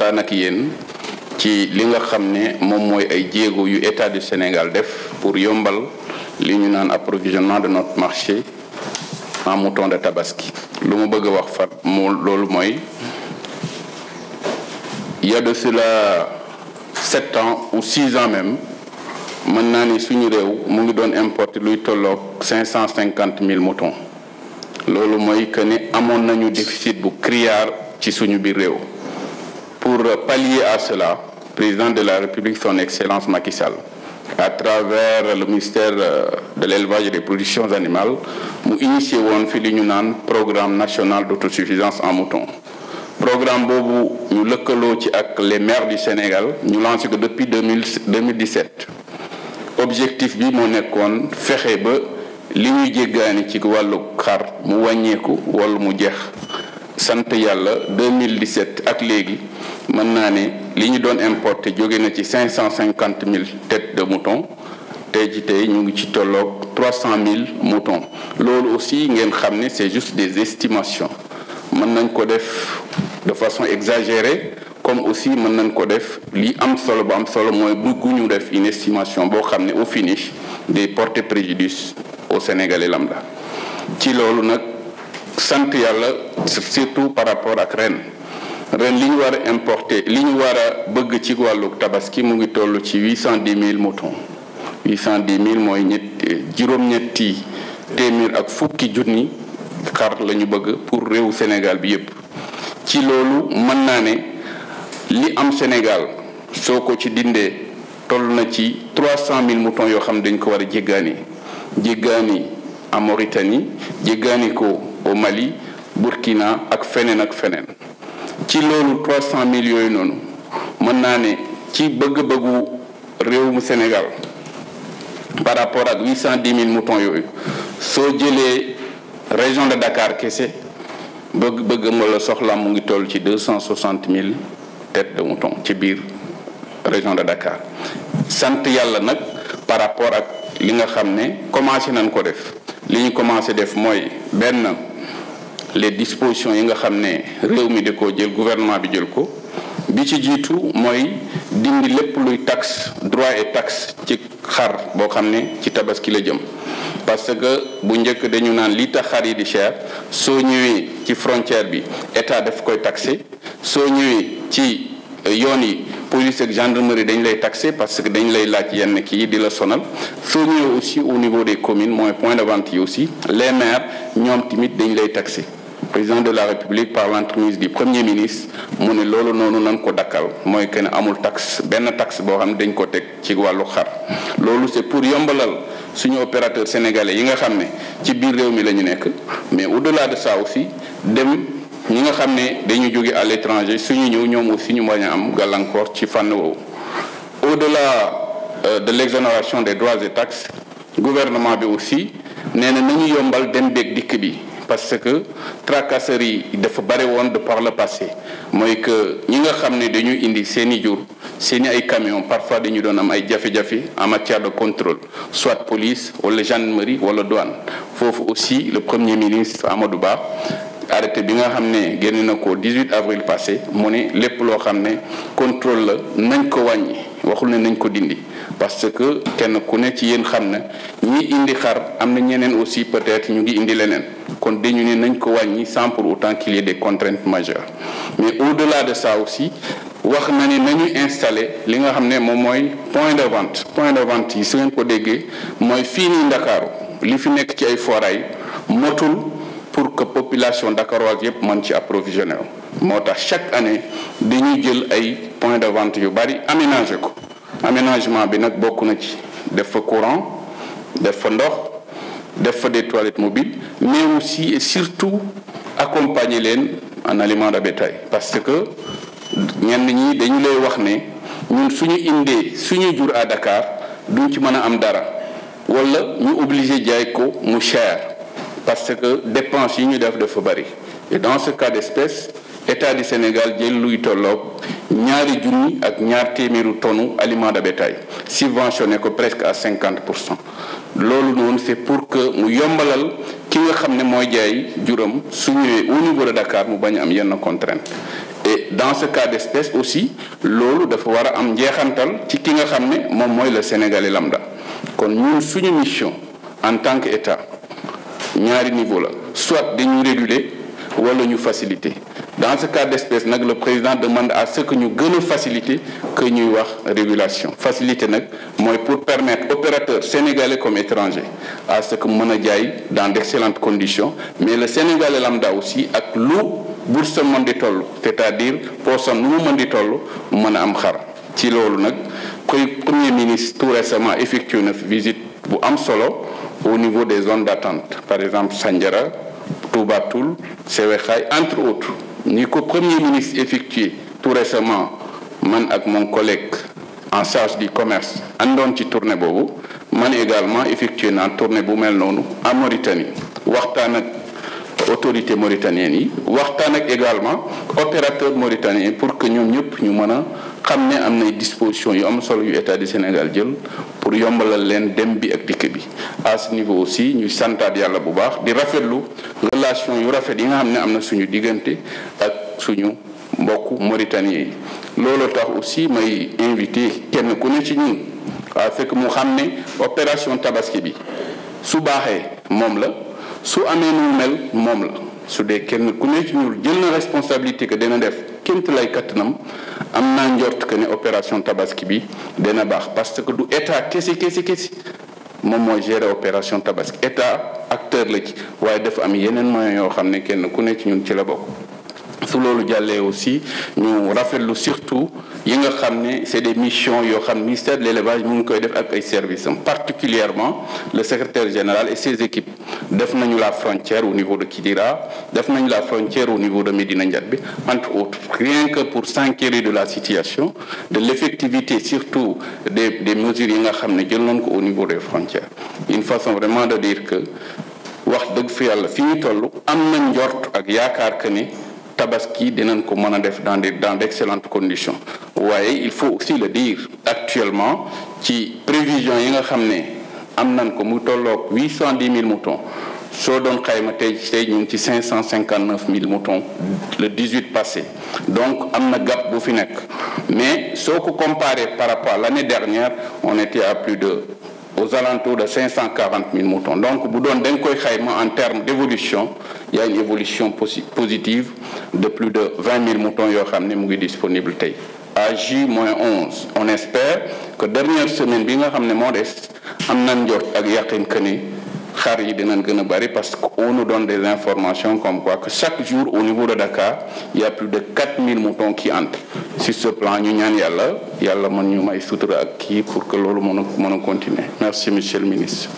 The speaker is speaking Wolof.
waxtaan ak yéen ci li nga xam ne moom mooy ay jéego yu état du Sénégal def pour yombal li ñu naan approvisionnement de notre marché en mouton de tabaski. lu mu bëgg a wax fa mu loolu mooy il y a de cela sept ans ou six ans même mën naa ni suñu réew mu ngi doon importer luy tolloog cinq cent cinquante mille moutons loolu mooy que ne amoon nañu déficit bu criard ci suñu biir réew. pour pallier à cela, le président de la République, son Excellence Macky Sall, à travers le ministère euh, de l'élevage et des productions animales mu initié woon fi li ñu naan programme national d'autosuffisance en mouton programme boobu ñu lëkkaloo ci ak les maires du Sénégal ñu lancé ko depuis 2017 objectif bi moo nekkoon fexe ba li ñuy jéggaani ci wàllu xar mu wàññeeku wala mu jeex sant yàlla 2017 ak léegi mën naa ne li ñu doon importé jóge na ci cinq cent cinquante mille têtes de mouton tey ji tey ñu ngi ci tolloog trois cent mille moton loolu aussi ngeen xam ne c'est juste des estimations mën nañ ko def de façon exagérée comme aussi mën nañ ko def li am solo ba am solo mooy ñu def une estimation boo xam ne au finish day porter préjudice au Sénégalais lambda ci loolu nag sant yàlla surtout par rapport ak ren ren li ñu war a importer li ñu war a bëgg ci wàllu tabaski mu ngi toll ci huit cent dix mille moutons cent dix mille mooy ñett juróom-ñetti téeméer ak fukki ni xar la ñu bëgg pour réewu Sénégal bi yépp ci loolu mën naa ne li am Sénégal soo ko ci dindee toll na ci trois cent mille moutons yoo xam dañ ko war a jéggaani jéggaani à Mauritanie jéggaani ko au Mali Burkina ak feneen ak feneen ci loolu trois cent mille yooyu noonu mën naa ne ci bëgg-bëggu réew mu Sénégal par rapport ak huit cent dix mille moutons yooyu soo jëlee région de Dakar kese bëgg bëgg ma la soxla mu ngi toll ci deux cent soixante mille têtes de mouton ci biir région de Dakar sant yàlla nag par rapport ak li nga xam ne commencé nañ ko def li ñu commencé def mooy benn les dispositions yi nga xam ne réew mi di ko jël gouvernement bi jël ko bi ci jiitu mooy dindi lépp luy tax droit et taxe ci xar boo xam ne ci tabaski la jëm parce que bu njëkk dañu naan lii tax xar yi di cher soo ñëwee ci frontière bi état daf koy taxé soo ñëwee ci yoon yi police ak gendarmerie dañ lay taxé parce que dañ lay laaj yenn kii di la sonal soo ñëwee aussi au niveau des communes mooy point de vente yi aussi les maires ñoom tamit dañ lay taxé président de la république par l'entremise du premier ministre mu ne loolu noonu nan ko dakkal mooy que ne amul tax benn taxe boo xam ne dañ ko teg ci wàllu xar loolu c'est pour yombalal suñu opérateur sénégalais yi nga xam ne ci biir réew mi la ñu nekk mais au-delà de ça aussi dem ñi nga xam ne dañu jóge à l'étranger suñu ñëw ñoom aussi ñu mën a am gàllankoor ci fànn woowu au-delà euh, de l'exonération des droits et taxes gouvernement bi aussi nee na nañu yombal dem beeg dikk bi parce que tracasserie yi dafa bare woon de par le passé mooy que ñi nga xam ne dañu indi seeni jur seeni ay camion parfois dañu doon am ay jafe-jafe en matière de contrôle soit police wala gendarmerie wala douane foofu aussi le premier ministre du baax arrêté bi nga xam ne génne na ko 18 avril passé mu ne lépp loo xam ne contrôle la nañ ko wàññi waxul ne nañ ko dindi parce que kenn ku ne ci yéen xam na ñi indi xar am na ñeneen aussi peut-être ñu ngi indi leneen kon dañu ne nañ ko wàññi sans pour autant qu'il y ait mais au-delà de ça aussi wax na ne nañu installé li nga xam ne moom mooy point de vente point de vente yi su ngeen ko déggee mooy fii nii Ndakaaru li fi nekk ci ay foraay motul pour que population Dakar ak yëpp mën ci approvisionné wu moo tax chaque année dañuy jël ay point de vente yu bari aménager ko aménagement bi nag bokk na ci def fa courant def fa ndox def fa des toilettes mobiles mais aussi et surtout accompagner leen en aliment de bétail parce que ñenn ñi dañu lay wax ne ñun suñu indee suñu jur à Dakar duñ ci mën a am dara wala ñu obligé jaay ko mu cher parce que dépense yi ñu def dafa bari et dans ce cas d'espèce état di Sénégal jël luy tolloog ñaari junni ak ñaar téeméeri tonnu aliment de bétail subventionné ko presque à cinquante pour cent loolu noonu c'est pour que mu yombalal ki nga xam ne mooy jaay juram su ñëwee au niveau de Dakar mu bañ am yenn contrainte et dans ce cas d'espèce aussi loolu dafa war a am njeexantal ci ki nga xam ne moom mooy le Sénégalais lambda kon ñun suñu mission en tant que état ñaari niveau la soit dañuy réguler wala ñu facilité dans ce cas d'espèce nag la président demande à ce que ñu gën a faciliter que ñuy wax régulation faciliter nag mooy pour permettre opérateurs sénégalais comme étrangers à ce que mën a jaay dans d'excellentes conditions mais le sénégalais lambda si ak lu boursam mën di toll c'est-à-dire poosam nu mu mën di toll mën a am xar ci loolu nag premier ministre tout récemment effectué na visite bu am solo au niveau des zones d'attente par exemple Sandiara Touba Toul Sewekhaay entre autres ni ko premier ministre effectué tout récemment man ak mon collègue en charge du commerce àndoon ci tournée boobu man également effectué naa tournée bu mel noonu en Mauritanie waxtaan ak autorité mauritanienne yi waxtaan ak également opérateur mauritanien pour que ñoom ñëpp ñu mën a xam ne am nay dispositions yu am solo yu état du Sénégal jël pour yombalal leen dem bi ak dikk bi à ce niveau aussi ñuy santaat yàlla bu baax di rafetlu relation yu rafet yi nga xam ne am na suñu diggante ak suñu mbokk mauritanien yi loolu tax aussi may invité kenn ku ne ci ñun waaw fekk xam ne opération tabaski bi su baaxee moom la su amee nu mel moom la su dee kenn ku ne ci ñun jël na responsabilité que dana def kémt lay kattanam am naa njort que ne opération tabaski bi dana baax parce que du état kesi kesi kesi moom mooy gérer opération tabaski état acteur la ci waaye dafa am yeneen moyens yoo xam ne kenn ku ne ci ñun ci la bokk. su loolu jàllee aussi ñu rafetlu surtout yi nga xam ne c'est des missions yoo xam ministère de l'élevage mu ngi koy def ak ay services am particulièrement le secrétaire général et ses équipes def nañu la frontière au niveau de Kidira def nañu la frontière au niveau de Médina Ndiathbé entre autres rien que pour s'inquiéter de la situation de l'effectivité surtout de des mesures yi nga xam ne jël nañ ko au niveau des frontières une façon vraiment de dire que wax dëgg fi yàlla fi ñu toll am na njort ak yaakaar que tabaski dinañ ko mën a def dans des dans d'excellentes conditions waaye il faut aussi le dire actuellement ci prévision yi nga xam ne am nañ ko mu tolloog huit cent dix mille moutons soo doon xayma tey tey ñu ci cinq cent cinquante neuf mille moutons le dix huit passé donc am na gap bu fi nekk mais soo ko comparé par rapport à l'année dernière on était à plus de aux alentours de 540 000 moutons donc bu doon dañ koy xayma en termes d'évolution il y a une évolution positive de plus de 20 moutons yoo xam ne mu ngi disponible tey à J moins 11 on espère que dernière semaine bi nga xam ne moo des xam na njot ak yaqin que ni xar yi dinañ gën a bari parce que on nous donne des informations comme quoi que chaque jour au niveau de Dakar il y a plus de 4000 moutons qui entrent sur ce plan ñu ñaan yàlla yàlla mën ñu may sutura ak kii pour que loolu mën a mën a continuer merci monsieur le ministre